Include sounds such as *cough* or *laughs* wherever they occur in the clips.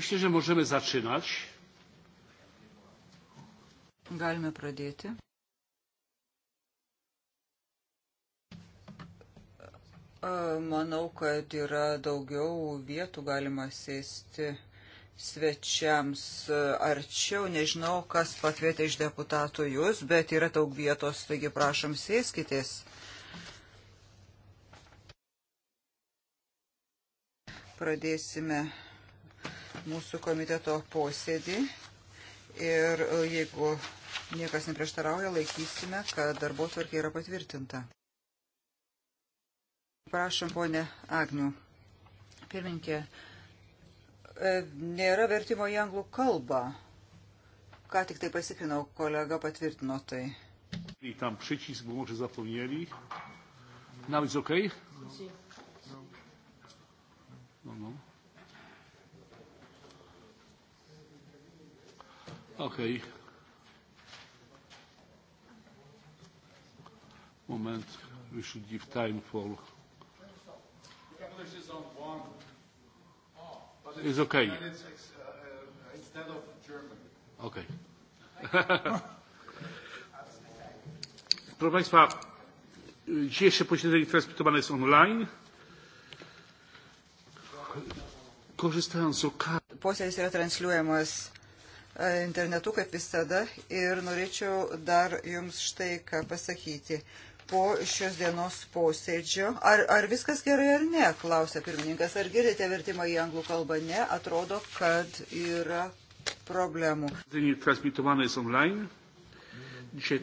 Myślę, że możemy zaczynać. Galime pradėti. Manau, kad yra daugiau vietų galima sėsti svečiams arčiau. Nežinau, kas pakvietė iš deputatų jūs, bet yra daug vietos, taigi prašom sėskitės. Pradėsime mūsų komiteto posėdį ir e, jeigu niekas neprieštarauja, laikysime, kad darbo tvarkė yra patvirtinta. Prašom, ponė Agnių. Pirminkė, e, nėra vertimo į anglų kalbą. Ką tik tai pasikrinau, kolega patvirtino tai. I tam przycisk, bo może zapomnieli. Now it's okay? No, no. Okay. Moment, we should give time for. English is on one. Oh, but it's, it's okay. And it's ex, uh, instead of German. Okay. Proszę Państwa, dzisiejsze posiedzenie transmitowane jest online. Korzystając z okazji. Posėdis yra transliuojamas E, internetu, kaip visada, ir norėčiau dar jums štai ką pasakyti. Po šios dienos posėdžio, ar, ar viskas gerai ar ne, klausia pirmininkas, ar girdite vertimą į anglų kalbą, ne, atrodo, kad yra problemų.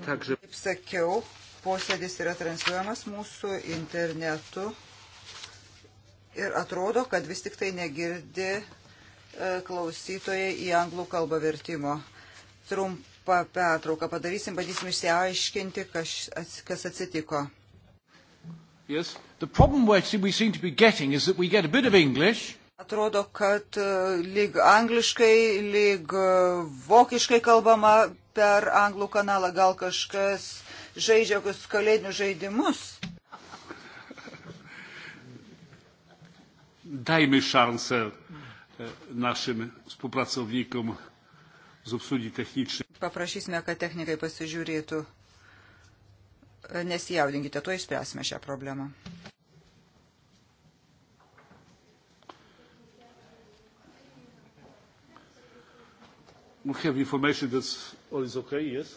Kaip sakiau, posėdis yra transliuojamas mūsų internetu ir atrodo, kad vis tik tai negirdi E, klausytojai į anglų kalbą vertimo. Trumpą pertrauką padarysim, bandysim išsiaiškinti, kas, kas atsitiko. Yes. The problem we seem to be getting is that we get a bit of English. Atrodo, kad e, lyg angliškai, lyg e, vokiškai kalbama per anglų kanalą. Gal kažkas žaidžia kokius kalėdinius žaidimus? Dajmy szansę. E, naszym współpracownikom z obsługi technicznej. Paprašysime, kad technikai pasižiūrėtų. E, nesijaudinkite, tuo išspręsime šią problemą. We have information that all is okay, yes?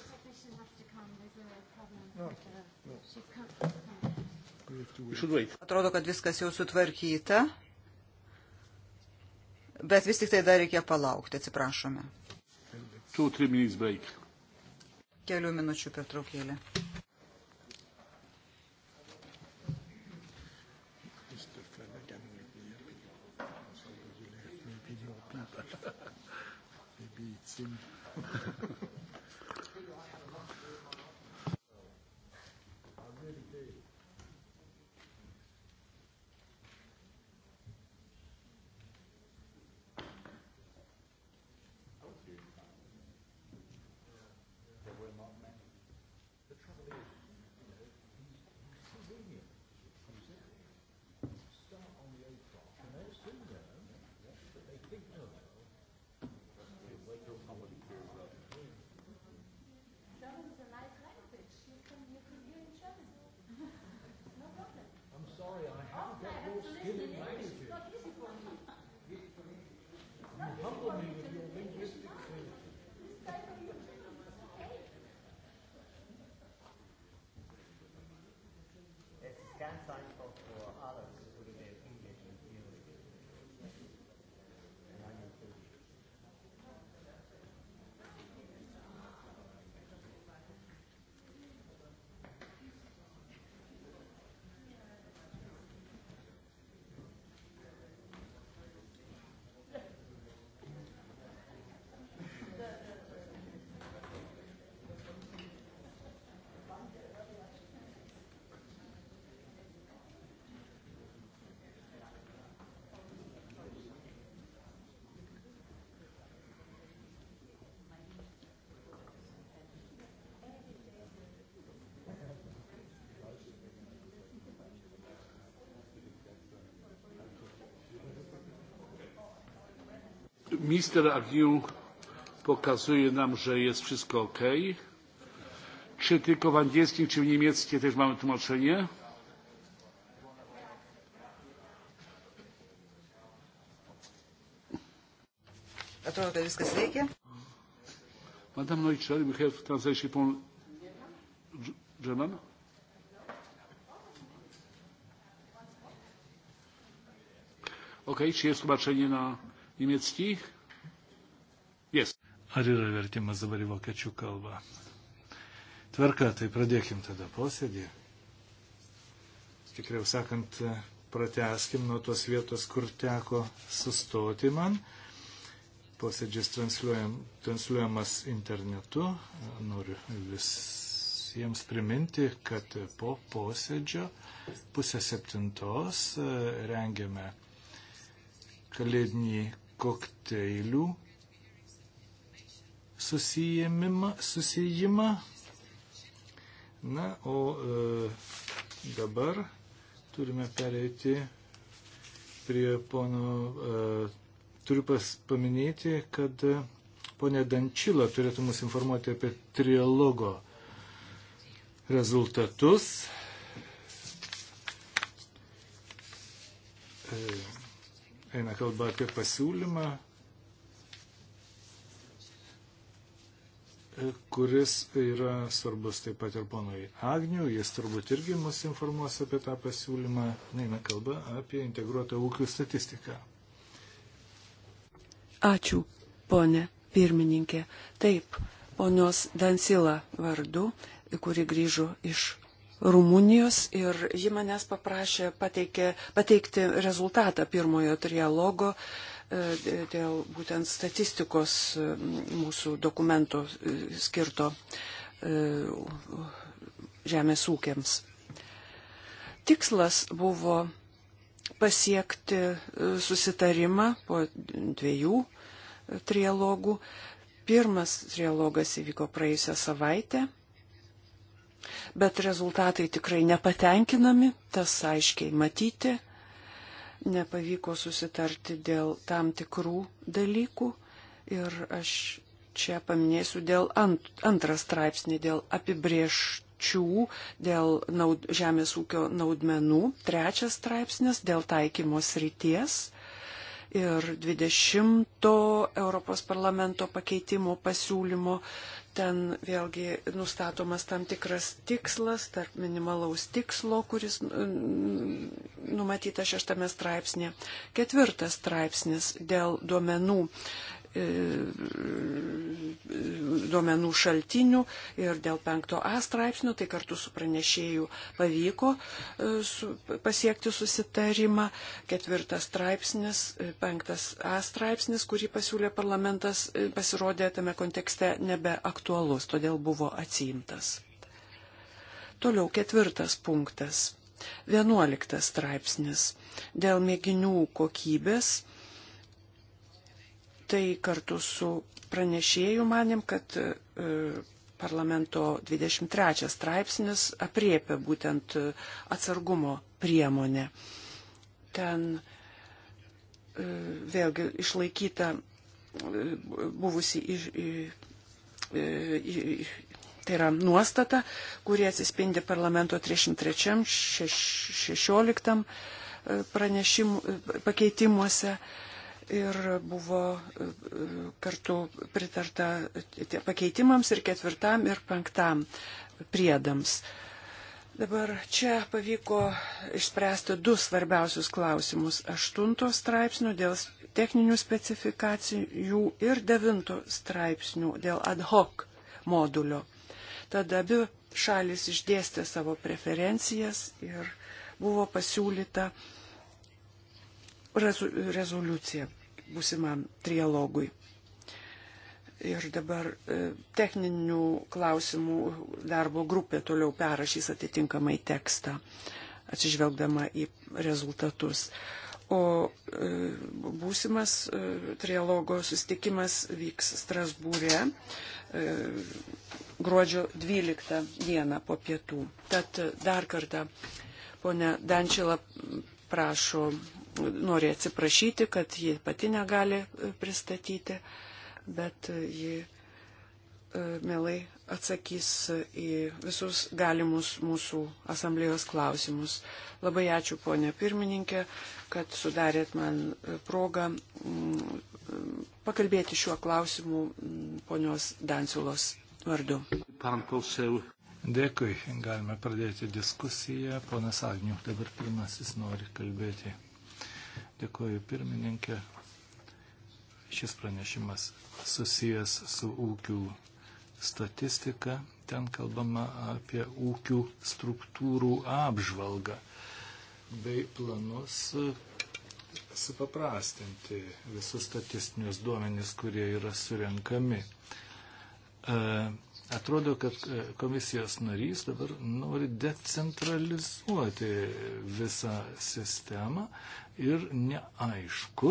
Atrodo, kad viskas jau sutvarkyta bet vis tik tai dar reikia palaukti, atsiprašome. Kelių minučių pertraukėlė. Maybe it's him. *laughs* Zeit vor minister Agnew pokazuje nam, że jest wszystko ok. Czy tylko w angielskim, czy w niemieckim też mamy tłumaczenie? Atrodo, kad viskas veikia. Madam Neutscher, we have translation from German. Ok, czy jest tłumaczenie na niemieckich? Yes. Ar yra vertimas dabar į vokiečių kalbą? Tvarka, tai pradėkim tada posėdį. Tikriau sakant, prateskim nuo tos vietos, kur teko sustoti man. Posėdžis transliuojam, transliuojamas internetu. Noriu visiems priminti, kad po posėdžio pusę septintos e, rengiame kalėdinį kokteilių susijimą. Na, o e, dabar turime pereiti prie pono. E, turiu pas, paminėti, kad e, ponė Dančila turėtų mus informuoti apie trilogo rezultatus. E, eina kalba apie pasiūlymą, kuris yra svarbus taip pat ir ponui Agnių, jis turbūt irgi mus informuos apie tą pasiūlymą, eina kalba apie integruotą ūkių statistiką. Ačiū, ponė pirmininkė. Taip, ponios Dansila vardu, kuri grįžo iš Rumunijos ir ji manęs paprašė pateikė, pateikti rezultatą pirmojo trialogo e, dėl būtent statistikos e, mūsų dokumento e, skirto žemės ūkiams. Tikslas buvo pasiekti susitarimą po dviejų trialogų. Pirmas trialogas įvyko praėjusią savaitę Bet rezultatai tikrai nepatenkinami, tas aiškiai matyti. Nepavyko susitarti dėl tam tikrų dalykų ir aš čia paminėsiu dėl ant, antrą straipsnį, dėl apibrieščių, dėl naud, žemės ūkio naudmenų, trečias straipsnis dėl taikymo srities ir 20 Europos parlamento pakeitimo pasiūlymo Ten vėlgi nustatomas tam tikras tikslas, tarp minimalaus tikslo, kuris numatytas šeštame straipsnė. Ketvirtas straipsnis dėl duomenų E, duomenų šaltinių ir dėl penkto A straipsnio, tai kartu su pranešėjų pavyko e, pasiekti susitarimą. Ketvirtas straipsnis, e, penktas A straipsnis, kurį pasiūlė parlamentas, pasirodė tame kontekste nebeaktualus, todėl buvo atsiimtas. Toliau ketvirtas punktas. Vienuoliktas straipsnis. Dėl mėginių kokybės Tai kartu su pranešėjų manėm, kad e, parlamento 23 straipsnis apriepia būtent e, atsargumo priemonę. Ten e, vėlgi išlaikyta buvusi iš, tai yra nuostata, kurie atsispindi parlamento 33, 16 pranešimų pakeitimuose ir buvo e, e, kartu pritarta pakeitimams ir ketvirtam ir penktam priedams. Dabar čia pavyko išspręsti du svarbiausius klausimus - aštunto straipsnio dėl techninių specifikacijų ir devinto straipsnių dėl ad hoc modulio. Tada abi šalis išdėstė savo preferencijas ir buvo pasiūlyta rezoliucija būsimam trialogui. Ir dabar e, techninių klausimų darbo grupė toliau perrašys atitinkamai tekstą, atsižvelgdama į rezultatus. O e, būsimas e, trialogo sustikimas vyks Strasbūrė gruodžio 12 dieną po pietų. Tad dar kartą, ponė Dančila prašo nori atsiprašyti, kad ji pati negali e, pristatyti, bet e, ji e, mielai atsakys į visus galimus mūsų asamblėjos klausimus. Labai ačiū, ponė pirmininkė, kad sudarėt man progą pakalbėti šiuo klausimu ponios Danciulos vardu. Dėkui, galime pradėti diskusiją. Ponas Agniuk dabar pirmasis nori kalbėti. Dėkuoju pirmininkė. Šis pranešimas susijęs su ūkių statistika. Ten kalbama apie ūkių struktūrų apžvalgą bei planus supaprastinti visus statistinius duomenys, kurie yra surenkami. E, Atrodo, kad e, komisijos narys dabar nori decentralizuoti visą sistemą ir neaišku,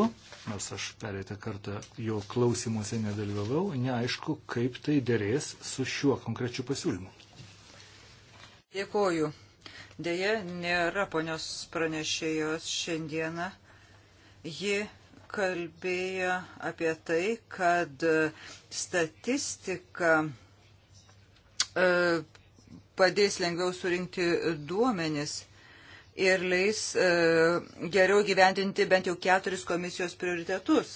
nors aš perėtą kartą jo klausimuose nedalyvavau, neaišku, kaip tai dėrės su šiuo konkrečiu pasiūlymu. Dėkoju. Deja, nėra ponios pranešėjos šiandieną. Ji kalbėjo apie tai, kad statistika E, padės lengviau surinkti duomenis ir leis e, geriau gyvendinti bent jau keturis komisijos prioritetus.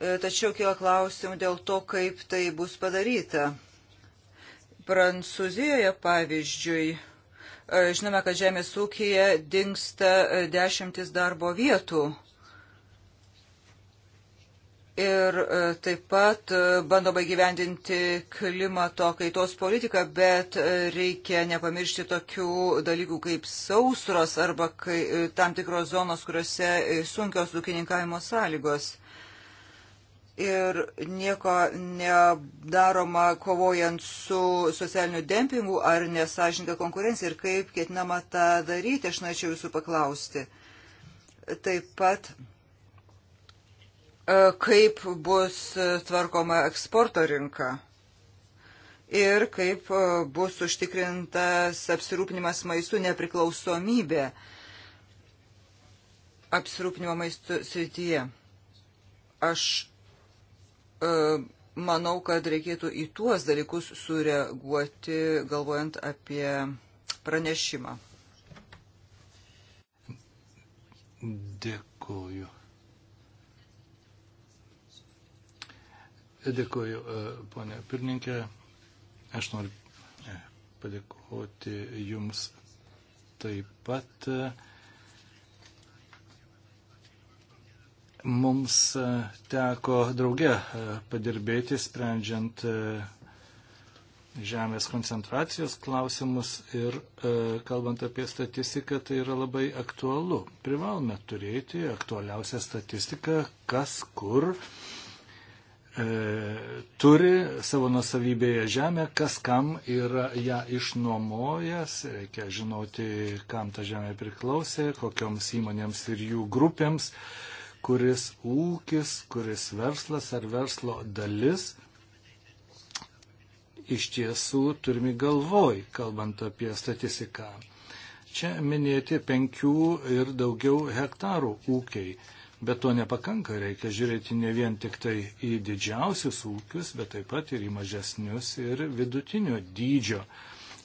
E, tačiau kyla klausimų dėl to, kaip tai bus padaryta. Prancūzijoje, pavyzdžiui, žinome, kad žemės ūkija dinksta dešimtis darbo vietų Ir e, taip pat e, bandoma gyvendinti klimato kaitos politiką, bet e, reikia nepamiršti tokių dalykų kaip sausros arba kai, tam tikros zonos, kuriuose sunkios ūkininkavimo sąlygos. Ir nieko nedaroma kovojant su socialiniu dempingu ar nesažininką konkurenciją ir kaip ketinama tą daryti, aš norėčiau jūsų paklausti. Taip pat E, kaip bus tvarkoma eksporto rinka ir kaip e, bus užtikrintas apsirūpinimas maistų nepriklausomybė apsirūpinimo maistų srityje. Aš e, manau, kad reikėtų į tuos dalykus sureaguoti, galvojant apie pranešimą. Dėkuoju. Dėkuoju, e, ponė pirmininkė. Aš noriu e, padėkoti Jums taip pat. Mums e, teko drauge padirbėti, sprendžiant žemės koncentracijos klausimus ir e, kalbant apie statistiką, tai yra labai aktualu. Privalome turėti aktualiausią statistiką, kas kur E, turi savo nusavybėje žemę, kas kam yra ją išnuomojęs, reikia žinoti, kam ta žemė priklausė, kokioms įmonėms ir jų grupėms, kuris ūkis, kuris verslas ar verslo dalis iš tiesų turime galvoj, kalbant apie statistiką. Čia minėti penkių ir daugiau hektarų ūkiai Bet to nepakanka, reikia žiūrėti ne vien tik tai į didžiausius ūkius, bet taip pat ir į mažesnius ir vidutinio dydžio.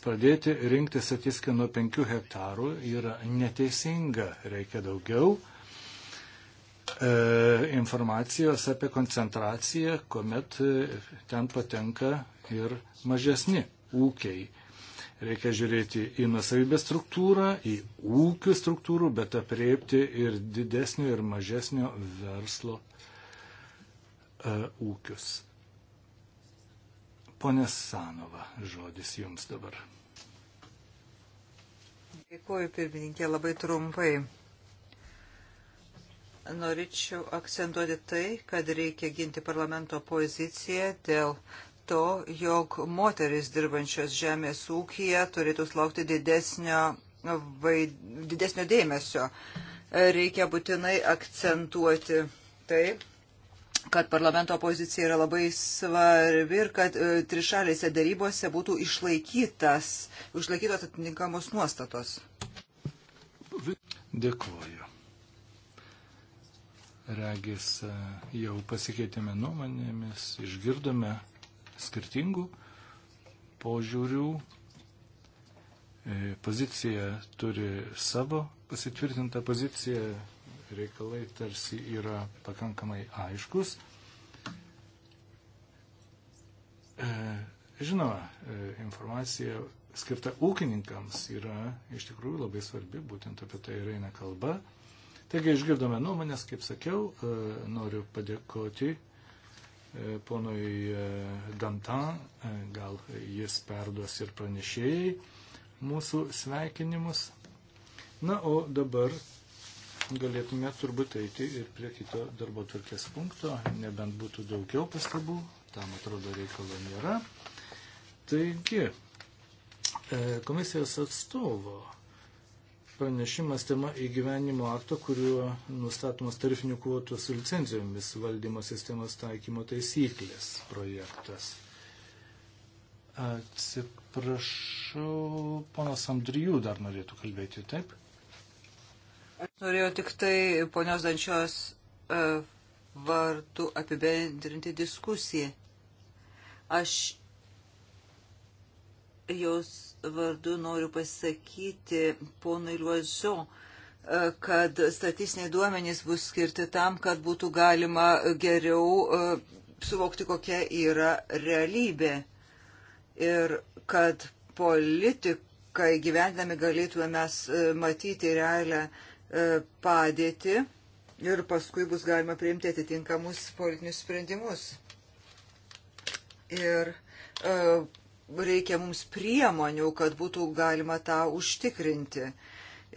Pradėti rinkti statistiką nuo 5 hektarų yra neteisinga, reikia daugiau e, informacijos apie koncentraciją, kuomet ten patenka ir mažesni ūkiai. Reikia žiūrėti į nusavybės struktūrą, į ūkių struktūrų, bet apriepti ir didesnio ir mažesnio verslo uh, ūkius. Pone Sanova, žodis jums dabar. Dėkuoju, pirmininkė, labai trumpai. Norėčiau akcentuoti tai, kad reikia ginti parlamento poziciją dėl to, jog moteris dirbančios žemės ūkija turėtų laukti didesnio, vaid, didesnio dėmesio. Reikia būtinai akcentuoti tai, kad parlamento pozicija yra labai svarbi ir kad e, trišalėse darybose būtų išlaikytas, išlaikytos atitinkamos nuostatos. Dėkuoju. Regis e, jau pasikeitėme nuomonėmis, išgirdome skirtingų požiūrių, e, pozicija turi savo pasitvirtintą poziciją, reikalai tarsi yra pakankamai aiškus. E, žinoma, e, informacija skirta ūkininkams yra iš tikrųjų labai svarbi, būtent apie tai ir eina kalba. Taigi išgirdome nuomonės, kaip sakiau, noriu padėkoti ponui e, Dantan, e, gal jis perduos ir pranešėjai mūsų sveikinimus. Na, o dabar galėtume turbūt eiti ir prie kito darbo tvarkės punkto, nebent būtų daugiau pastabų, tam atrodo reikalo nėra. Taigi, e, komisijos atstovo pranešimas tema įgyvenimo akto, kuriuo nustatomos tarifinių kvotų su licencijomis valdymo sistemos taikymo taisyklės projektas. Atsiprašau, ponas Andrijų dar norėtų kalbėti, taip? Aš norėjau tik tai ponios Dančios e, vardu apibendrinti diskusiją. Aš jos vardu noriu pasakyti ponui Luozo, e, kad statistiniai duomenys bus skirti tam, kad būtų galima geriau e, suvokti, kokia yra realybė ir kad politikai gyvendami galėtume mes e, matyti realią padėtį ir paskui bus galima priimti atitinkamus politinius sprendimus. Ir uh, reikia mums priemonių, kad būtų galima tą užtikrinti.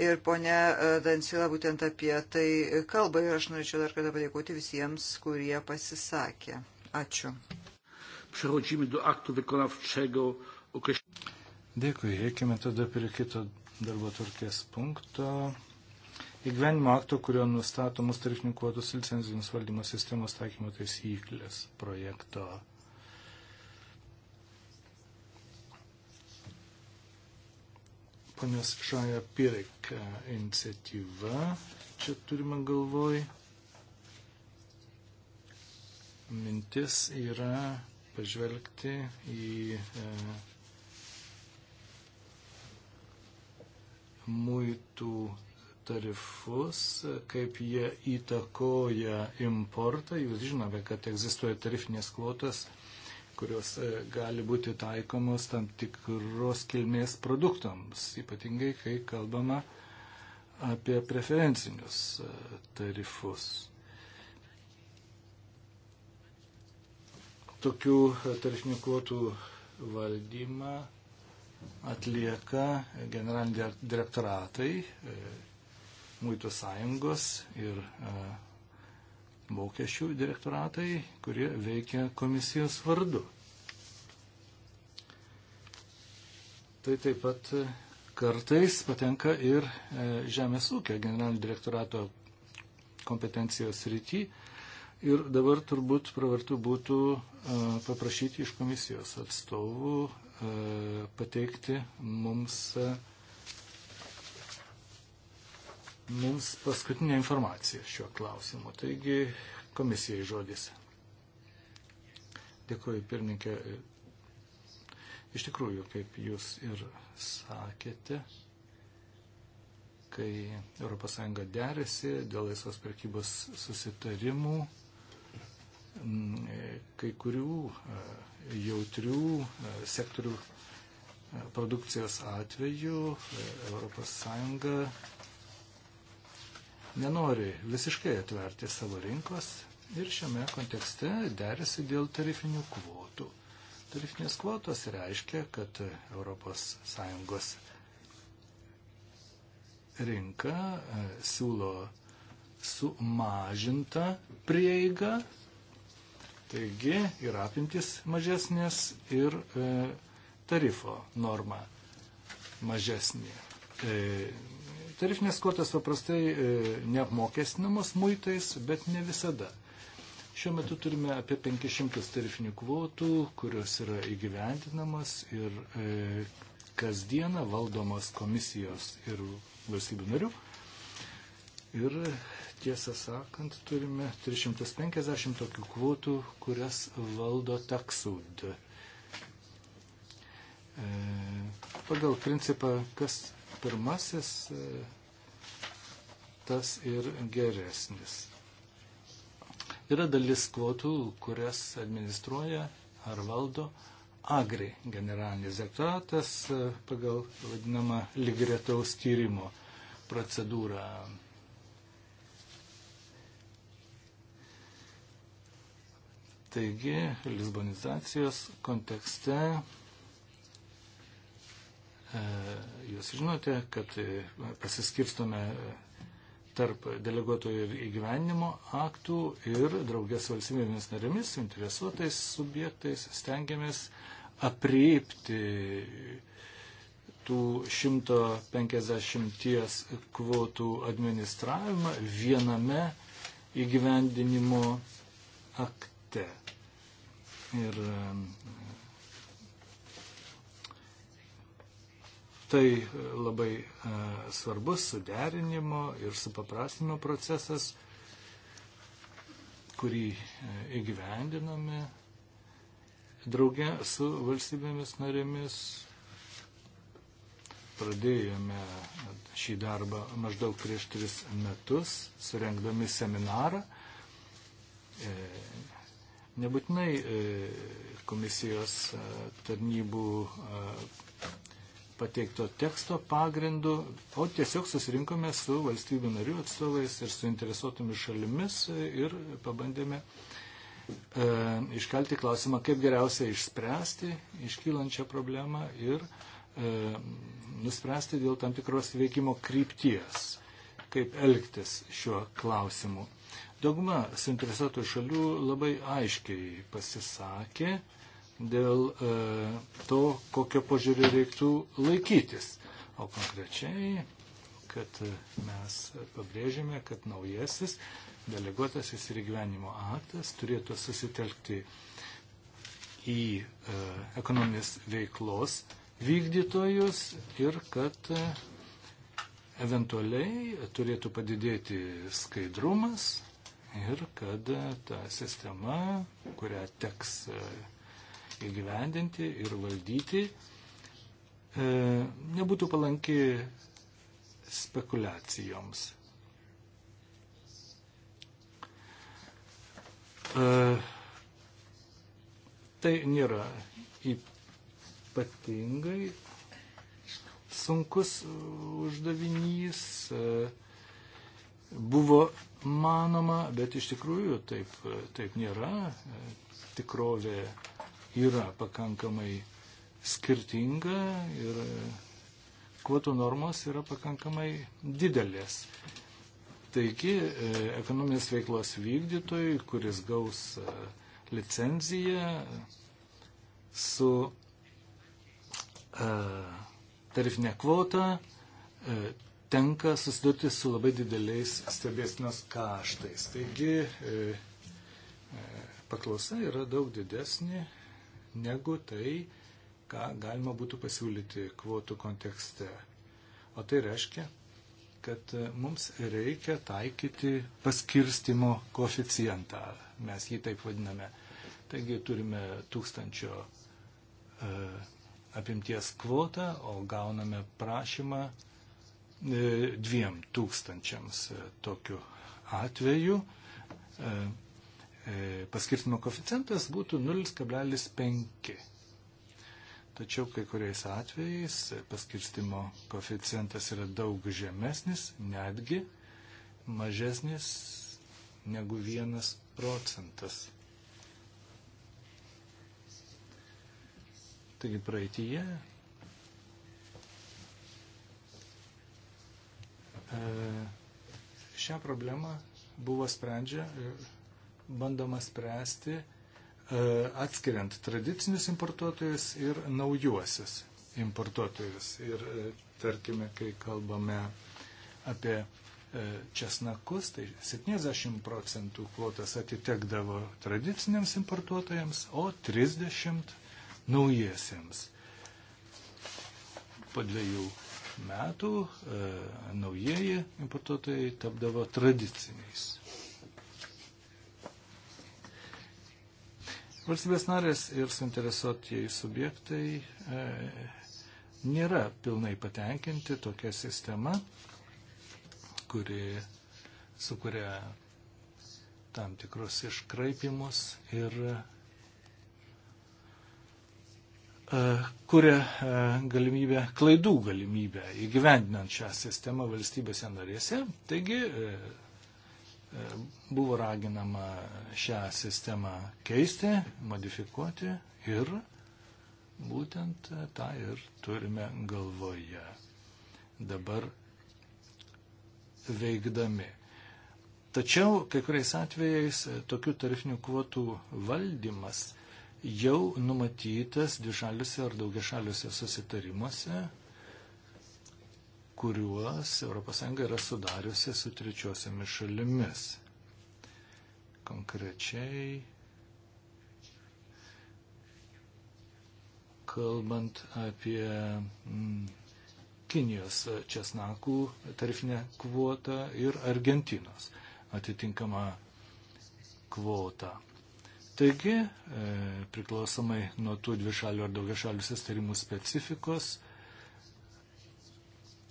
Ir ponia e, Dansila būtent apie tai kalba ir aš norėčiau dar kartą padėkoti visiems, kurie pasisakė. Ačiū. Dėkui, eikime tada prie kito darbo turkės punkto. Įgyvenimo akto, kurio nustatomus tarifnikuotus licenzijoms valdymo sistemos taikymo taisyklės projekto ponios Šaja Pirek e, iniciatyva, čia turime galvoj, mintis yra pažvelgti į e, muitų tarifus, kaip jie įtakoja importą. Jūs žinote, kad egzistuoja tarifinės kvotas kurios e, gali būti taikomos tam tikros kilmės produktams, ypatingai kai kalbama apie preferencinius e, tarifus. Tokių e, tarifinių kvotų valdymą atlieka generaliniai direktoratai, Mūtų sąjungos ir mokesčių direktoratai, kurie veikia komisijos vardu. Tai taip pat e, kartais patenka ir e, Žemės ūkio generalinio direktorato kompetencijos rytį. Ir dabar turbūt pravartu būtų e, paprašyti iš komisijos atstovų pateikti mums mums paskutinę informaciją šiuo klausimu. Taigi komisijai žodis. Dėkuoju, pirmininkė. Iš tikrųjų, kaip jūs ir sakėte, kai ES derėsi dėl laisvos prekybos susitarimų, kai kurių e, jautrių e, sektorių e, produkcijos atveju ES nenori visiškai atverti savo rinkos ir šiame kontekste derisi dėl tarifinių kvotų. Tarifinės kvotos reiškia, kad ES rinka e, siūlo sumažintą prieigą, taigi ir apimtis mažesnės ir e, tarifo norma mažesnė. E, Tarifinės kvotas paprastai e, neapmokestinamos muitais, bet ne visada. Šiuo metu turime apie 500 tarifinių kvotų, kurios yra įgyvendinamos ir e, kasdieną valdomos komisijos ir valstybių narių. Ir tiesą sakant, turime 350 tokių kvotų, kurias valdo taksud. E, pagal principą, kas pirmasis, e, tas ir geresnis. Yra dalis kvotų, kurias administruoja ar valdo Agri generalinis direktoratas e, pagal vadinamą lygretaus tyrimo procedūrą. Taigi, Lisbonizacijos kontekste E, jūs žinote, kad e, pasiskirstome e, tarp deleguotojų ir įgyvenimo aktų ir draugės valstybėmis narėmis, interesuotais subjektais stengiamės apriepti tų 150 kvotų administravimą viename įgyvendinimo akte. Ir Tai e, labai e, svarbus suderinimo ir supaprastinimo procesas, kurį e, įgyvendiname draugę su valstybėmis narėmis. Pradėjome šį darbą maždaug prieš tris metus, surengdami seminarą. Nebūtinai komisijos tarnybų pateikto teksto pagrindu, o tiesiog susirinkome su valstybių narių atstovais ir suinteresuotomis šalimis ir pabandėme e, iškelti klausimą, kaip geriausia išspręsti iškylančią problemą ir e, nuspręsti dėl tam tikros veikimo krypties, kaip elgtis šiuo klausimu. Dauguma suinteresuotų šalių labai aiškiai pasisakė, e, dėl e, to, kokio požiūrio reiktų laikytis. O konkrečiai, kad e, mes pabrėžėme, kad naujasis deleguotasis ir gyvenimo aktas turėtų susitelkti į e, ekonominės veiklos vykdytojus ir kad e, eventualiai turėtų padidėti skaidrumas ir kad e, ta sistema, kurią teks e, įgyvendinti ir valdyti, e, nebūtų palanki spekulacijoms. E, tai nėra ypatingai sunkus uždavinys. E, buvo manoma, bet iš tikrųjų taip, taip nėra. Tikrovė yra pakankamai skirtinga ir kvotų normos yra pakankamai didelės. Taigi e, ekonominės veiklos vykdytojui, kuris gaus e, licenciją su e, tarifinė kvota, tenka susidurti su labai dideliais stebėsnos kaštais. Taigi paklausa yra daug didesnė negu tai, ką galima būtų pasiūlyti kvotų kontekste. O tai reiškia, kad mums reikia taikyti paskirstimo koeficientą, mes jį taip vadiname. Taigi turime tūkstančio e, apimties kvotą, o gauname prašymą e, dviem tūkstančiams e, tokiu atveju. E, E, paskirtimo koficijantas būtų 0,5. Tačiau kai kuriais atvejais paskirstimo koficijantas yra daug žemesnis, netgi mažesnis negu vienas procentas. Taigi praeitie e, šią problemą buvo sprendžia e, bandoma spręsti e, atskiriant tradicinius importuotojus ir naujuosius importuotojus. Ir e, tarkime, kai kalbame apie e, česnakus, tai 70 procentų kvotas atitekdavo tradiciniams importuotojams, o 30 naujiesiems. Po dviejų metų e, naujieji importuotojai tapdavo tradiciniais. Valstybės narės ir suinteresuotieji subjektai e, nėra pilnai patenkinti tokia sistema, kuri sukuria tam tikrus iškraipimus ir e, kuria e, galimybę, klaidų galimybę įgyvendinant šią sistemą valstybėse narėse. Taigi e, E, buvo raginama šią sistemą keisti, modifikuoti ir būtent tą ir turime galvoje dabar veikdami. Tačiau kai kuriais atvejais tokių tarifinių kvotų valdymas jau numatytas dvišaliuose ar daugiašaliuose susitarimuose kuriuos ES yra sudariusi su trečiosiamis šalimis. Konkrečiai kalbant apie mm, Kinijos česnakų tarifinę kvotą ir Argentinos atitinkamą kvotą. Taigi, e, priklausomai nuo tų dvišalių ar daugiašalių sustarimų specifikos,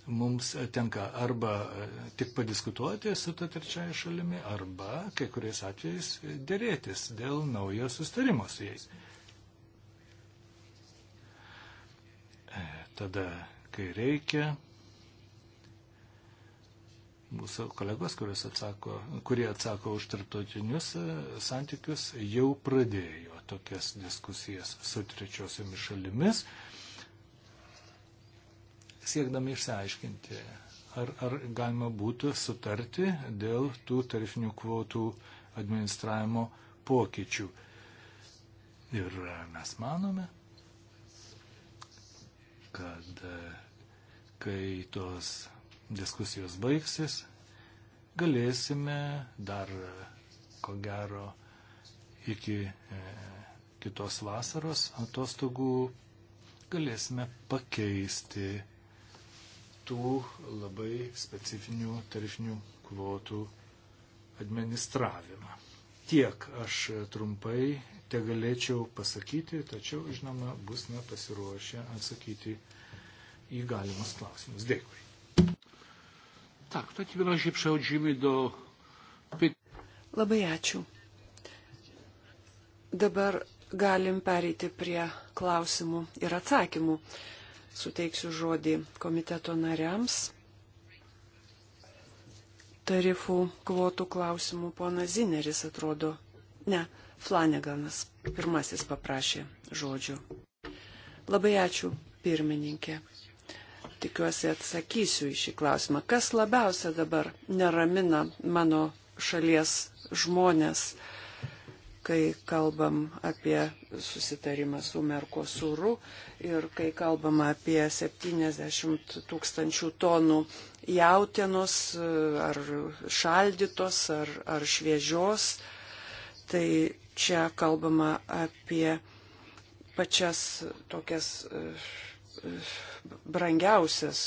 mums tenka arba e, tik padiskutuoti su ta trečiaja šalimi, arba kai kuriais atvejais dėrėtis dėl naujo sustarimo su jais. E, tada, kai reikia, mūsų kolegos, atsako, kurie atsako už tarptautinius e, santykius, jau pradėjo tokias diskusijas su trečiosiomis šalimis siekdami išsiaiškinti, ar, ar galima būtų sutarti dėl tų tarifinių kvotų administravimo pokyčių. Ir e, mes manome, kad e, kai tos diskusijos baigsis, galėsime dar, e, ko gero, iki e, kitos vasaros atostogų galėsime pakeisti tų labai specifinių tarifinių kvotų administravimą. Tiek aš trumpai te galėčiau pasakyti, tačiau, žinoma, busime pasiruošę atsakyti į galimus klausimus. Dėkui. Tak, w takim razie przechodzimy do pytań. Labai ačiū. Dabar galim pereiti prie klausimų ir atsakymų suteiksiu žodį komiteto nariams. Tarifų kvotų klausimų ponas Zineris atrodo. Ne, Flaneganas pirmasis paprašė žodžių. Labai ačiū, pirmininkė. Tikiuosi atsakysiu į šį klausimą. Kas labiausia dabar neramina mano šalies žmonės? Uh, kai kalbam apie susitarimą su Merkosuru ir kai kalbam apie 70 tūkstančių tonų jautienos e, ar šaldytos ar, ar šviežios, tai čia kalbama apie pačias tokias e, e, brangiausias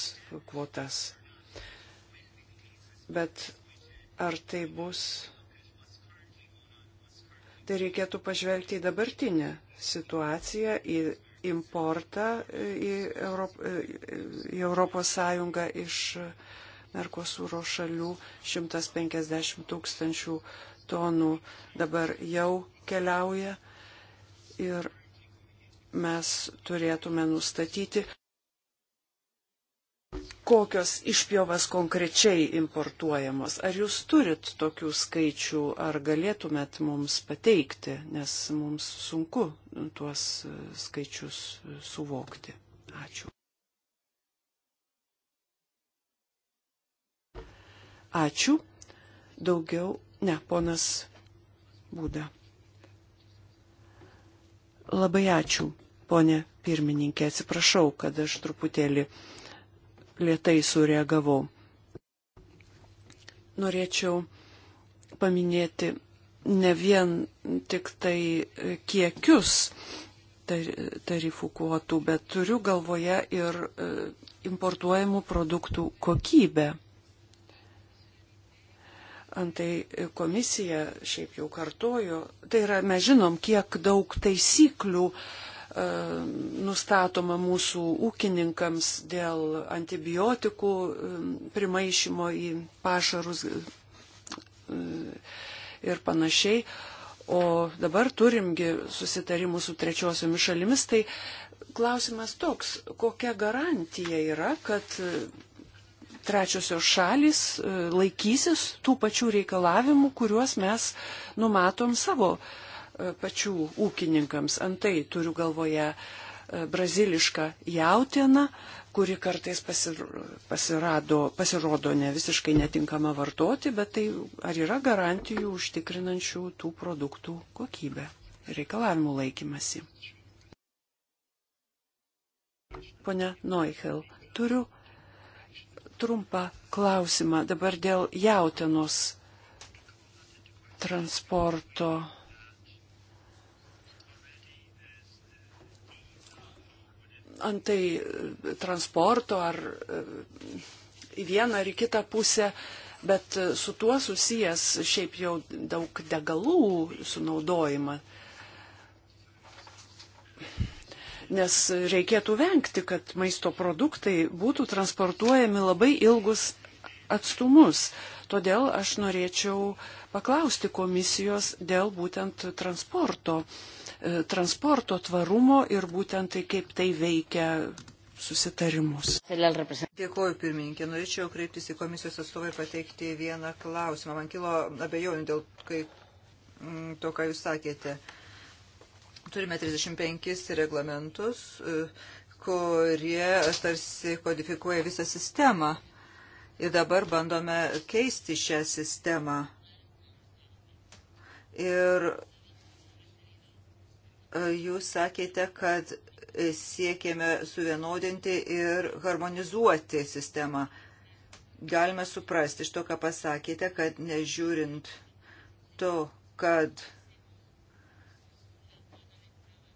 kvotas. Bet ar tai bus Tai reikėtų pažvelgti į dabartinę situaciją, į importą į, Europ, į Europos Sąjungą iš Merkosūro šalių 150 tūkstančių tonų dabar jau keliauja ir mes turėtume nustatyti kokios išpjovas konkrečiai importuojamos. Ar jūs turit tokių skaičių, ar galėtumėt mums pateikti, nes mums sunku tuos e, skaičius e, suvokti. Ačiū. Ačiū. Daugiau. Ne, ponas Būda. Labai ačiū, ponė pirmininkė. Atsiprašau, kad aš truputėlį uh, lietai sureagavau. Norėčiau paminėti ne vien tik tai kiekius tarifų kvotų, bet turiu galvoje ir e, importuojamų produktų kokybę. Antai komisija šiaip jau kartojo, tai yra mes žinom, kiek daug taisyklių uh, E, nustatoma mūsų ūkininkams dėl antibiotikų e, primaišymo į pašarus e, ir panašiai. O dabar turimgi susitarimų su trečiosiomis šalimis, tai klausimas toks, kokia garantija yra, kad trečiosios šalis laikysis tų pačių reikalavimų, kuriuos mes numatom savo uh, pačių ūkininkams. Antai turiu galvoje e, brazilišką jautieną, kuri kartais pasirado, pasirodo ne visiškai netinkama vartoti, bet tai ar yra garantijų užtikrinančių tų produktų kokybę, reikalavimų laikymasi. Pone Noichel, turiu trumpą klausimą dabar dėl jautinos transporto antai e, transporto ar e, į vieną ar į kitą pusę, bet e, su tuo susijęs šiaip jau daug degalų sunaudojimą. Nes reikėtų vengti, kad maisto produktai būtų transportuojami labai ilgus atstumus. Todėl aš norėčiau uh, paklausti komisijos dėl būtent transporto, e, transporto tvarumo ir būtent tai, kaip tai veikia susitarimus. Dėkuoju, pirmininkė. Norėčiau kreiptis į komisijos atstovą ir pateikti vieną klausimą. Man kilo abejonių dėl kai, mm, to, ką jūs sakėte. Turime 35 reglamentus, e, kurie tarsi kodifikuoja visą sistemą. Ir dabar bandome keisti šią sistemą Ir e, jūs sakėte, kad siekėme suvienodinti ir harmonizuoti sistemą. Galime suprasti iš to, ką pasakėte, kad nežiūrint to, kad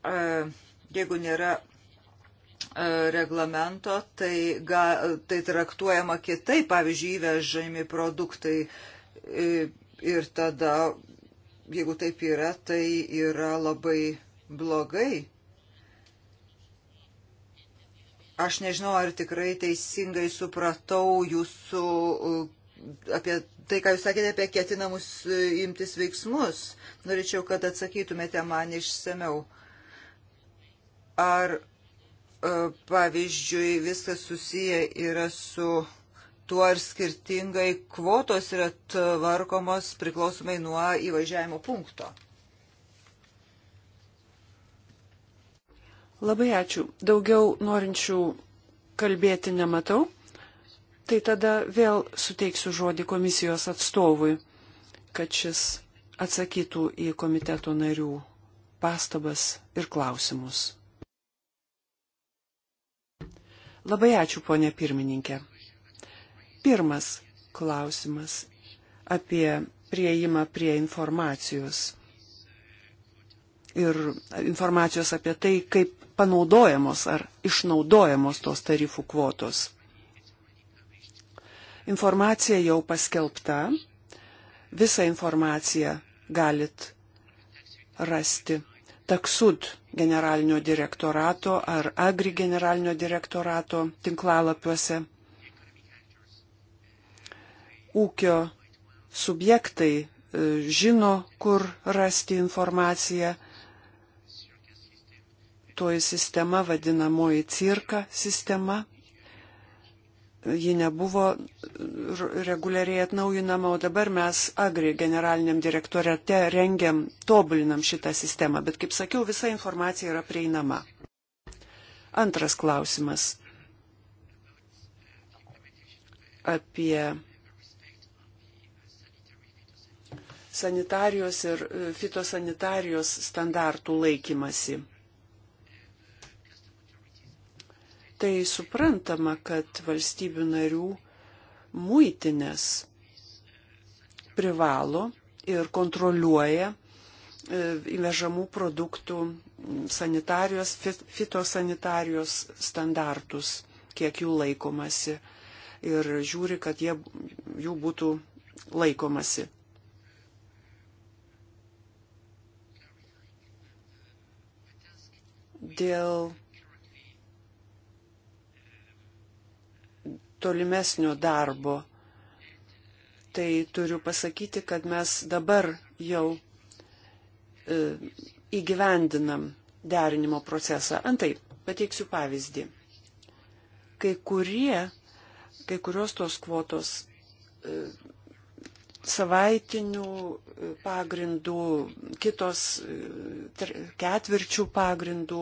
e, jeigu nėra e, reglamento, tai, ga, tai traktuojama kitai, pavyzdžiui, įvežami produktai ir tada jeigu taip yra, tai yra labai blogai. Aš nežinau, ar tikrai teisingai supratau jūsų uh, apie tai, ką jūs sakėte apie ketinamus uh, imtis veiksmus. Norėčiau, kad atsakytumėte man išsameu. Ar uh, pavyzdžiui viskas susiję yra su tuo ir skirtingai kvotos yra tvarkomos priklausomai nuo įvažiavimo punkto. Labai ačiū. Daugiau norinčių kalbėti nematau. Tai tada vėl suteiksiu žodį komisijos atstovui, kad šis atsakytų į komiteto narių pastabas ir klausimus. Labai ačiū, ponė pirmininkė. Pirmas klausimas apie prieimą prie informacijos ir informacijos apie tai, kaip panaudojamos ar išnaudojamos tos tarifų kvotos. Informacija jau paskelbta, visą informaciją galit rasti taksud generalinio direktorato ar agri generalinio direktorato tinklalapiuose ūkio subjektai e, žino, kur rasti informaciją. Toji sistema vadinamoji cirka sistema. Ji nebuvo reguliariai atnaujinama, o dabar mes Agri generaliniam direktorate rengiam, tobulinam šitą sistemą, bet kaip sakiau, visa informacija yra prieinama. Antras klausimas apie sanitarijos ir e, fitosanitarijos standartų laikymasi. Tai suprantama, kad valstybių narių muitinės privalo ir kontroliuoja e, įvežamų produktų sanitarijos, fitosanitarijos standartus, kiek jų laikomasi ir žiūri, kad jie, jų būtų laikomasi. dėl tolimesnio darbo. Tai turiu pasakyti, kad mes dabar jau e, įgyvendinam derinimo procesą. Antai, pateiksiu pavyzdį. Kai kurie, kai kurios tos kvotos e, savaitinių pagrindų, kitos e, ketvirčių pagrindų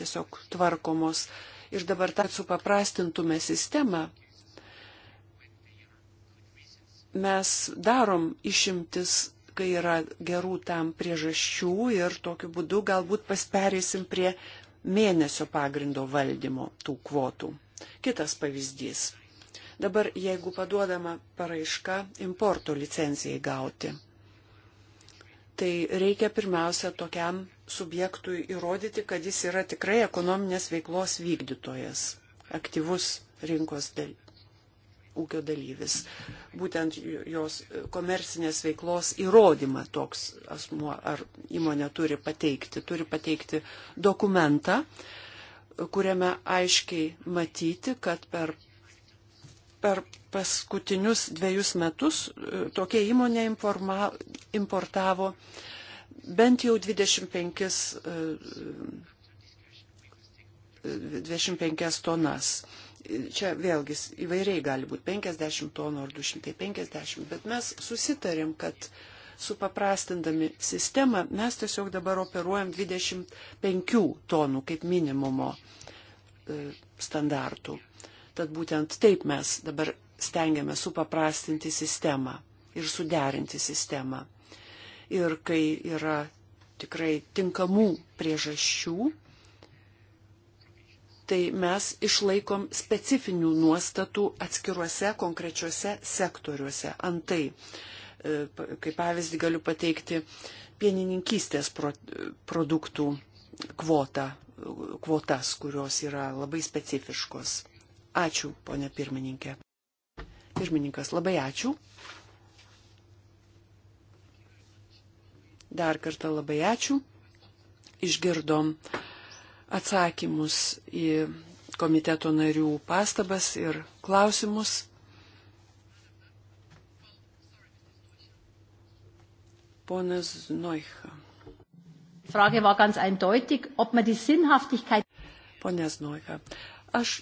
tiesiog tvarkomos. Ir dabar tą supaprastintume sistemą, mes darom išimtis, kai yra gerų tam priežasčių ir tokiu būdu galbūt pasperėsim prie mėnesio pagrindo valdymo tų kvotų. Kitas pavyzdys Dabar, jeigu paduodama paraiška importo licencijai gauti, tai reikia pirmiausia tokiam subjektui įrodyti, kad jis yra tikrai ekonominės veiklos vykdytojas, aktyvus rinkos dalyvis ūkio dalyvis. Būtent jos komercinės veiklos įrodymą toks asmuo ar įmonė turi pateikti. Turi pateikti dokumentą, kuriame aiškiai matyti, kad per per paskutinius dviejus metus e, tokia įmonė informa, importavo bent jau 25, 25 e, e, tonas. Čia vėlgi įvairiai gali būti 50 tonų ar 250, bet mes susitarėm, kad supaprastindami sistemą mes tiesiog dabar operuojam 25 tonų kaip minimumo standartų Tad būtent taip mes dabar stengiame supaprastinti sistemą ir suderinti sistemą. Ir kai yra tikrai tinkamų priežasčių, tai mes išlaikom specifinių nuostatų atskiruose konkrečiuose sektoriuose. Antai, e, kaip pavyzdį galiu pateikti pienininkystės produktų kvotą, kvotas, kurios yra labai specifiškos. Ačiū, ponė pirmininkė. Pirmininkas, labai ačiū. Dar kartą labai ačiū. Išgirdom atsakymus į komiteto narių pastabas ir klausimus. Ponas Noicha. Frage war ganz eindeutig, ob man die Sinnhaftigkeit. Ponas Noicha, aš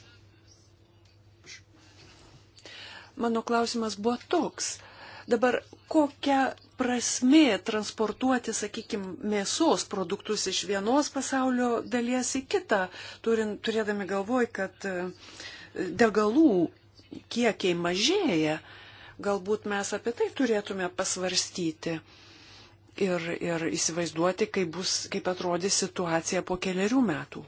Mano klausimas buvo toks. Dabar kokia prasmė transportuoti, sakykime, mėsos produktus iš vienos pasaulio dalies į kitą, turint, turėdami galvoj, kad e, degalų kiekiai mažėja, galbūt mes apie tai turėtume pasvarstyti ir, ir įsivaizduoti, kaip, bus, kaip atrodys situacija po keliarių metų.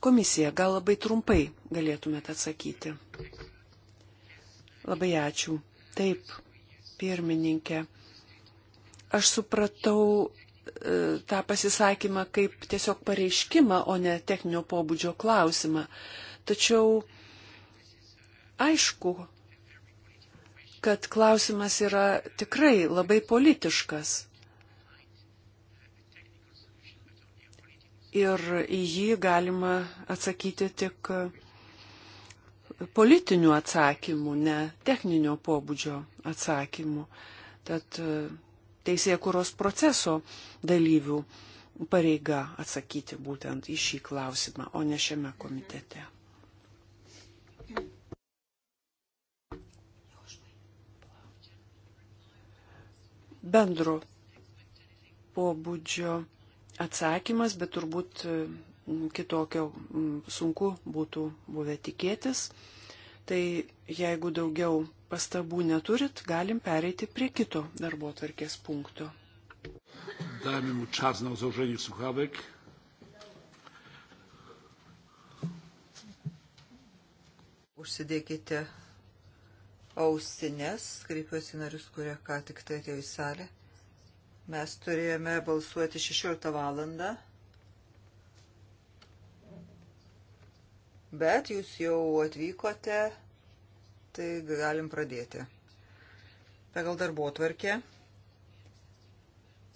Komisija, gal labai trumpai galėtumėte atsakyti. Labai ačiū. Taip, pirmininkė. Aš supratau e, tą pasisakymą kaip tiesiog pareiškimą, o ne techninio pobūdžio klausimą. Tačiau aišku, kad klausimas yra tikrai labai politiškas. Ir į jį galima atsakyti tik politinių atsakymų, ne techninio pobūdžio atsakymų. Tad e, teisėkuros proceso dalyvių pareiga atsakyti būtent į šį klausimą, o ne šiame komitete. Bendro pobūdžio atsakymas, bet turbūt e, kitokio mm, sunku būtų buvę tikėtis. Tai jeigu daugiau pastabų neturit, galim pereiti prie kito darbo tvarkės punkto. Dajmy mu czas na założenie słuchawek. Užsidėkite ausinės, kreipiuosi narius, kurie ką tik tai atėjo į salę. Mes turėjome balsuoti 16 valandą. bet jūs jau atvykote, tai galim pradėti. Pagal darbo tvarkę.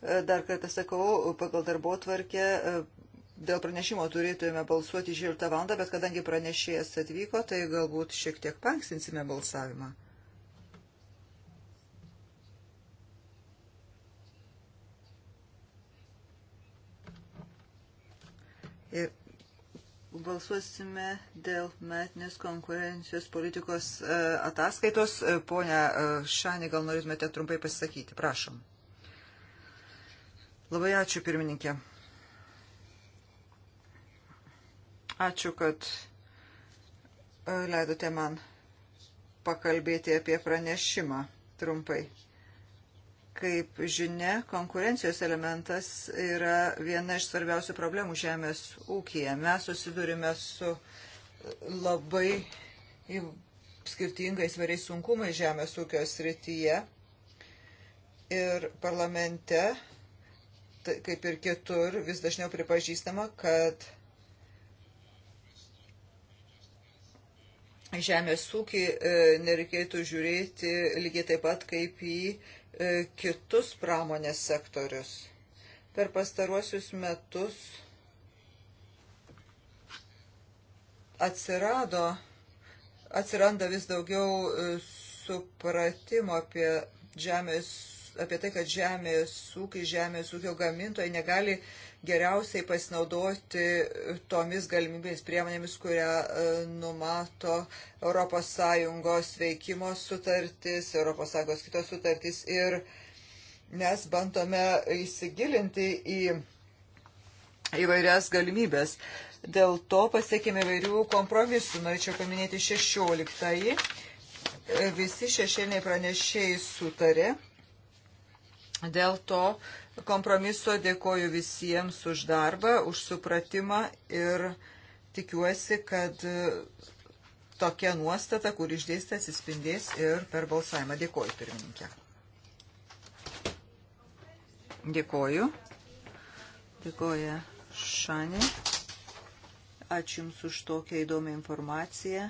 E, dar kartą sakau, pagal darbo tvarkę e, dėl pranešimo turėtume balsuoti 16 val. bet kadangi pranešėjas atvyko, tai galbūt šiek tiek panksinsime balsavimą. Ir Balsuosime dėl metinės konkurencijos politikos e, ataskaitos. E, Pone Šanį, gal norėtumėte trumpai pasisakyti? Prašom. Labai ačiū, pirmininkė. Ačiū, kad e, leidote man pakalbėti apie pranešimą trumpai. Kaip žinia, konkurencijos elementas yra viena iš svarbiausių problemų žemės ūkija. Mes susidurime su labai skirtingais variais sunkumais žemės ūkio srityje. Ir parlamente, kaip ir kitur, vis dažniau pripažįstama, kad žemės ūkį e, nereikėtų žiūrėti lygiai taip pat kaip į E, kitus pramonės sektorius. Per pastaruosius metus atsirado, atsiranda vis daugiau e, supratimo apie žemės apie tai, kad žemės ūkiai, žemės ūkio gamintojai negali uh, geriausiai pasinaudoti tomis galimybės priemonėmis, kurią e, numato ES veikimo sutartis, ES kitos sutartys ir mes bandome įsigilinti į įvairias galimybės. Dėl to pasiekėme įvairių kompromisų. Norėčiau paminėti 16. Visi šešėliniai pranešėjai sutarė. Dėl to uh, kompromiso. Dėkoju visiems už darbą, už supratimą ir tikiuosi, kad tokia nuostata, kur išdėstė, atsispindės ir per balsavimą. Dėkoju, pirmininkė. Dėkoju. Dėkoju Šanė. Ačiū Jums už tokią įdomią informaciją.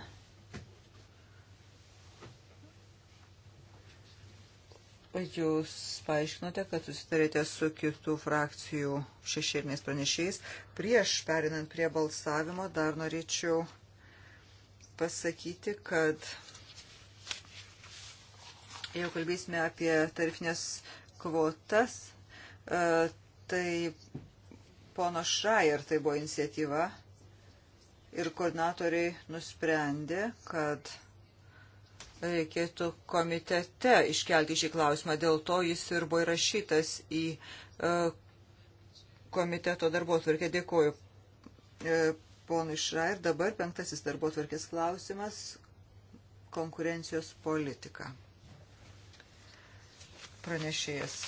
Jūs paaiškinote, kad susitarėte su kitų frakcijų šešėliniais pranešiais. Prieš perinant prie balsavimo dar norėčiau pasakyti, kad jau kalbėsime apie tarifinės kvotas, e, tai pono Šrajer tai buvo iniciatyva ir koordinatoriai nusprendė, kad reikėtų komitete iškelti šį klausimą. Dėl to jis ir buvo įrašytas į e, komiteto darbo atvarkę. Dėkuoju e, ponui Šrair. Dabar penktasis darbo atvarkės klausimas - konkurencijos politika. Pranešėjas.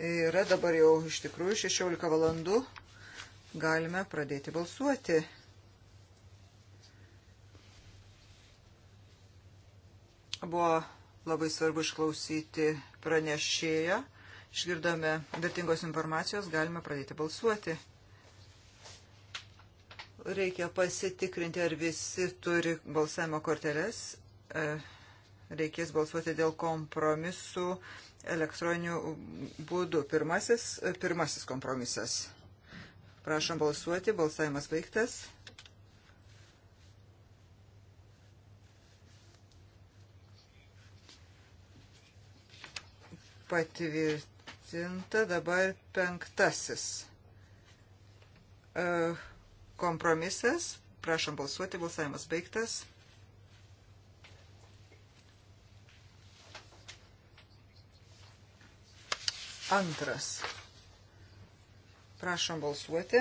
Yra dabar jau iš tikrųjų 16 valandų. Galime pradėti balsuoti. Buvo labai svarbu išklausyti pranešėjo. Išgirdome vertingos informacijos, galime pradėti balsuoti. Reikia pasitikrinti, ar visi turi balsavimo korteles. E, reikės balsuoti dėl kompromisų elektroninių būdų. Pirmasis, e, pirmasis kompromisas. Prašom balsuoti, balsavimas baigtas. patvirtinta. Dabar penktasis e, kompromisas. Prašom balsuoti, balsavimas baigtas. Antras. Prašom balsuoti.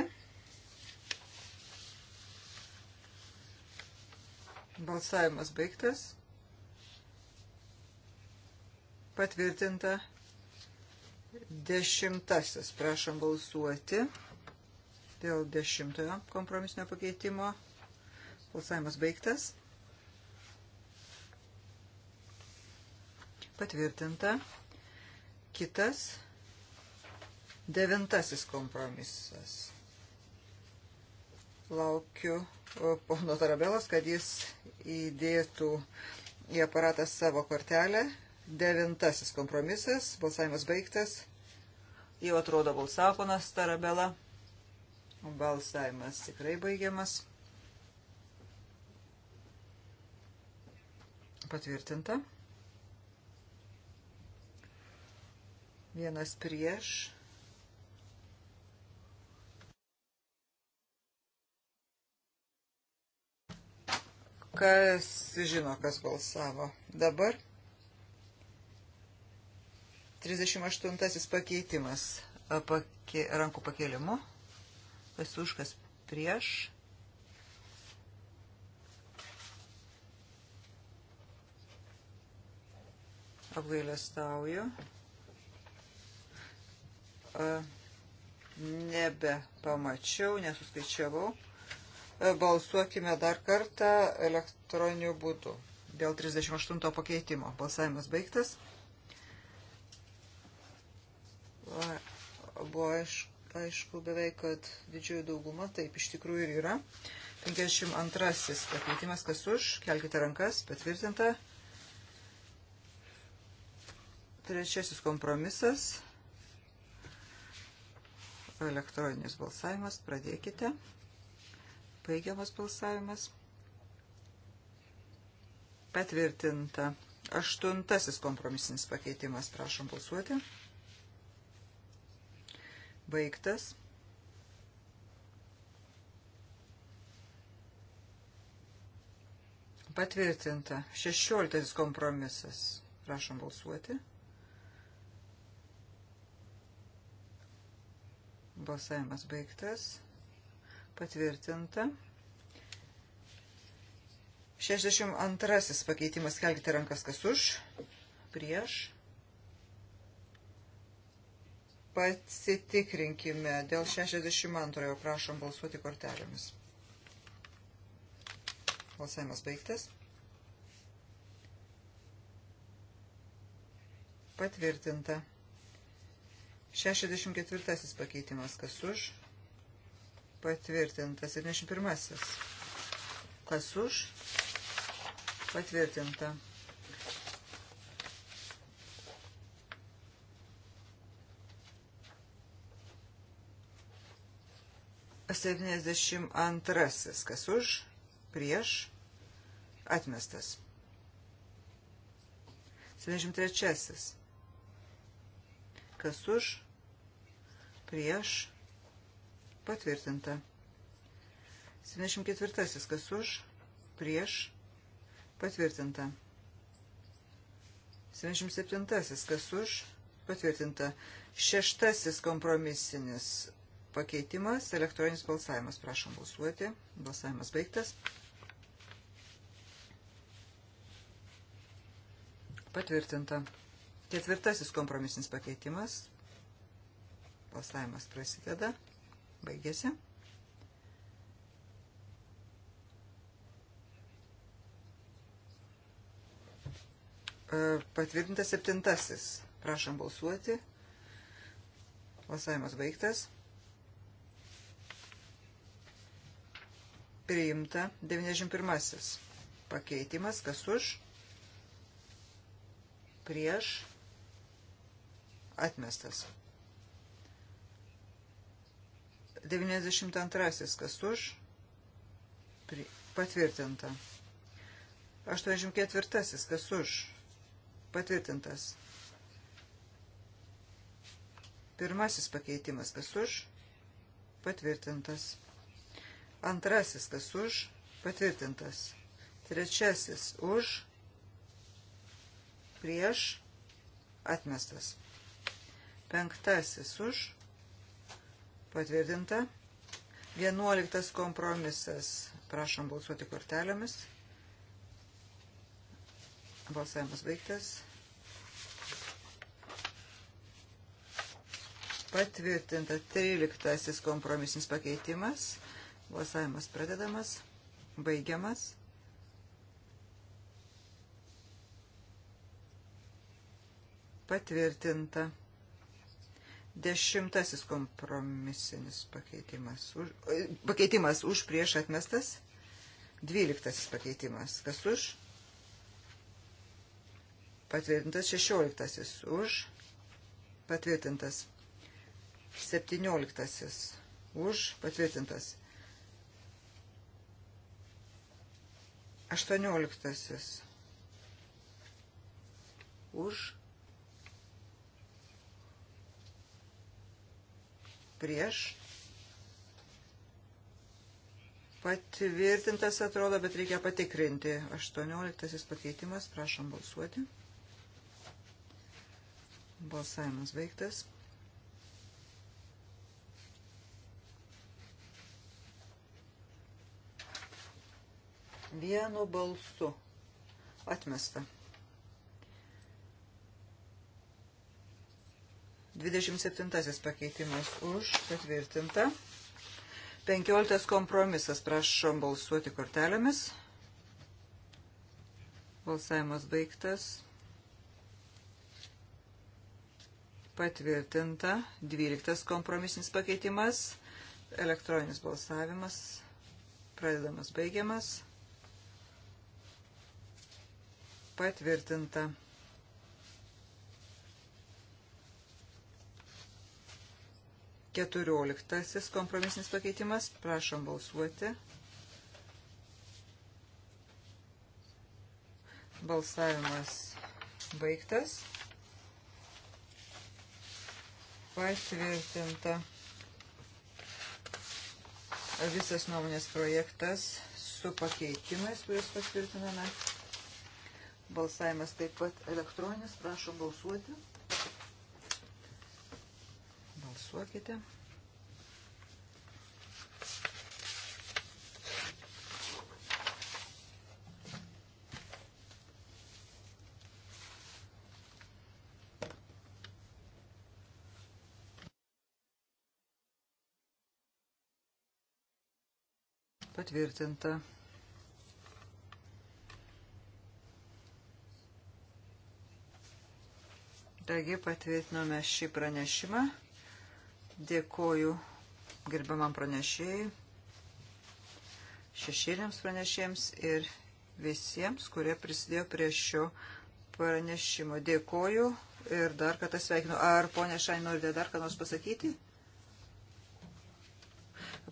Balsavimas baigtas. Patvirtinta Dešimtasis, prašom balsuoti dėl dešimtojo kompromisinio pakeitimo. Balsavimas baigtas. Patvirtinta. Kitas devintasis kompromisas. Laukiu pono Tarabelos, kad jis įdėtų į aparatą savo kortelę Devintasis kompromisas, balsavimas baigtas. Jau atrodo balsavo ponas Tarabela. Balsavimas tikrai baigiamas. Patvirtinta. Vienas prieš. Kas žino, kas balsavo. Dabar 38 pakeitimas pake, rankų pakėlimu. Pasuškas prieš. Apgailestauju. Nebe pamačiau, nesuskaičiavau. Balsuokime dar kartą elektroniniu būdu. Dėl 38 pakeitimo. Balsavimas baigtas buvo aišku beveik, kad didžioji dauguma taip iš tikrųjų ir yra. 52 pakeitimas, kas už, kelkite rankas, patvirtinta. Trečiasis kompromisas. Elektroninis balsavimas, pradėkite. Baigiamas balsavimas. Patvirtinta. Aštuntasis kompromisinis pakeitimas, prašom balsuoti baigtas. Patvirtinta. Šešioliktasis kompromisas. Prašom balsuoti. Balsavimas baigtas. Patvirtinta. 62 pakeitimas. Kelkite rankas kas už. Prieš. Pasitikrinkime dėl 62. Prašom balsuoti kortelėmis. Balsavimas baigtas. Patvirtinta. 64 pakeitimas. Kas už? Patvirtinta. 71. Kas už? Patvirtinta. 72. Kas už, prieš, atmestas. 73. Kas už, prieš, patvirtinta. 74. Kas už, prieš, patvirtinta. 77. Kas už, patvirtinta. Šeštasis kompromisinis pakeitimas, elektroninis balsavimas. Prašom balsuoti. Balsavimas baigtas. Patvirtinta. Ketvirtasis kompromisinis pakeitimas. Balsavimas prasideda. Baigėsi. E, Patvirtintas septintasis. Prašom balsuoti. Balsavimas baigtas. priimta 91 pakeitimas, kas už, prieš, atmestas. 92 kas už, patvirtinta. 84 kas už, patvirtintas. Pirmasis pakeitimas kas už, patvirtintas. Antrasis, kas už, patvirtintas. Trečiasis, už, prieš, atmestas. Penktasis, už, patvirtinta. Vienuoliktas kompromisas, prašom balsuoti kortelėmis. Balsavimas baigtas. Patvirtinta 13 kompromisinis pakeitimas. Balsavimas pradedamas, baigiamas. Patvirtinta. Dešimtasis kompromisinis pakeitimas. Už, e, pakeitimas už prieš atmestas. Dvyliktasis pakeitimas. Kas už? Patvirtintas šešioliktasis. Už. Patvirtintas. Septynioliktasis. Už. Patvirtintas. 18. Už. Prieš. Patvirtintas atrodo, bet reikia patikrinti. 18 pakeitimas, prašom balsuoti. Balsavimas baigtas. Vienu balsu atmesta. 27 pakeitimas už patvirtinta. 15 kompromisas prašom balsuoti kortelėmis. Balsavimas baigtas. Patvirtinta. 12 kompromisinis pakeitimas. Elektroninis balsavimas. Pradedamas baigiamas patvirtinta. Keturioliktasis kompromisinis pakeitimas. Prašom balsuoti. Balsavimas baigtas. Patvirtinta visas nuomonės projektas su pakeitimais, kuriuos patvirtiname. Balsavimas taip pat elektroninis. Prašom balsuoti. Balsuokite. Patvirtinta. Taigi patvirtinome šį pranešimą. Dėkoju gerbiamam pranešėjai, šešėliams pranešėjams ir visiems, kurie prisidėjo prie šio pranešimo. Dėkoju ir dar kartą sveikinu. Ar ponė Šainė norite dar ką nors pasakyti?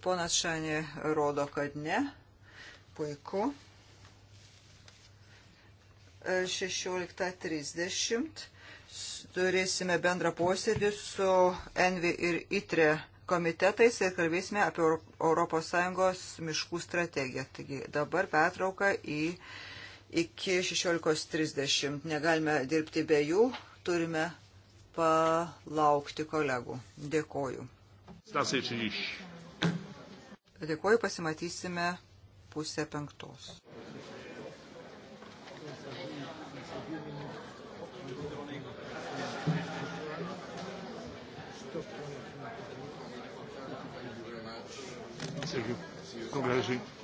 Ponas Šainė rodo, kad ne. Puiku. 16.30 turėsime bendrą posėdį su Envi ir ITRE komitetais ir kalbėsime apie ES miškų strategiją. Taigi dabar pertrauka į, iki 16.30. Negalime dirbti be jų, turime palaukti kolegų. Dėkoju. Dėkoju, pasimatysime pusę penktos. Sergio. Congratulations.